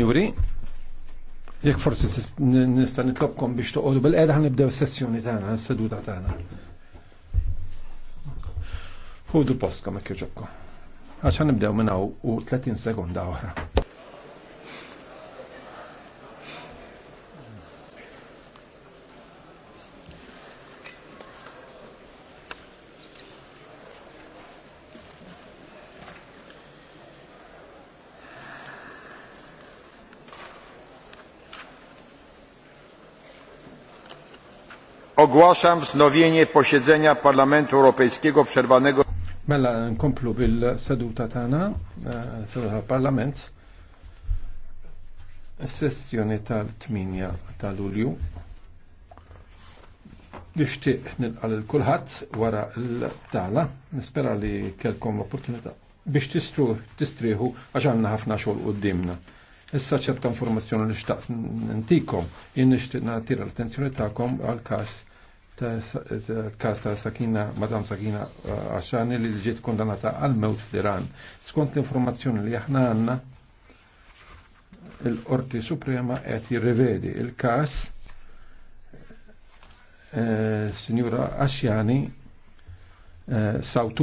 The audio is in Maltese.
Juri, jek forsi nista nitlobkom biex toqodu bil-qeda nibdew sessjoni tagħna, s-seduta tagħna. Ħudu postkom jekk joġobkom. Għax nibdew minn u 30 sekonda oħra. Ogłaszam wznowienie posiedzenia Parlamentu Europejskiego przerwanego. Mela nkomplu bil-seduta tagħna eh, tal-Parlament sessjoni tal-8 ta' Lulju. Nixtieq nilqa' il-kulħat wara l-tala, nispera li kelkom opportunita biex tistru tistrieħu għax għandna ħafna xogħol dimna Issa ċerta informazzjoni li xtaqt n-tikom, jien nishtiq natira l-attenzjoni ta'kom għal-kas kas ta' Sakina, Madam Sakina eh, Aċani li ġiet kondannata għal-mewt fl-Iran. Skont l-informazzjoni li aħna għanna, il-Qorti Suprema qed jirrivedi il-kas eh, Signora Asjani eh, Sautu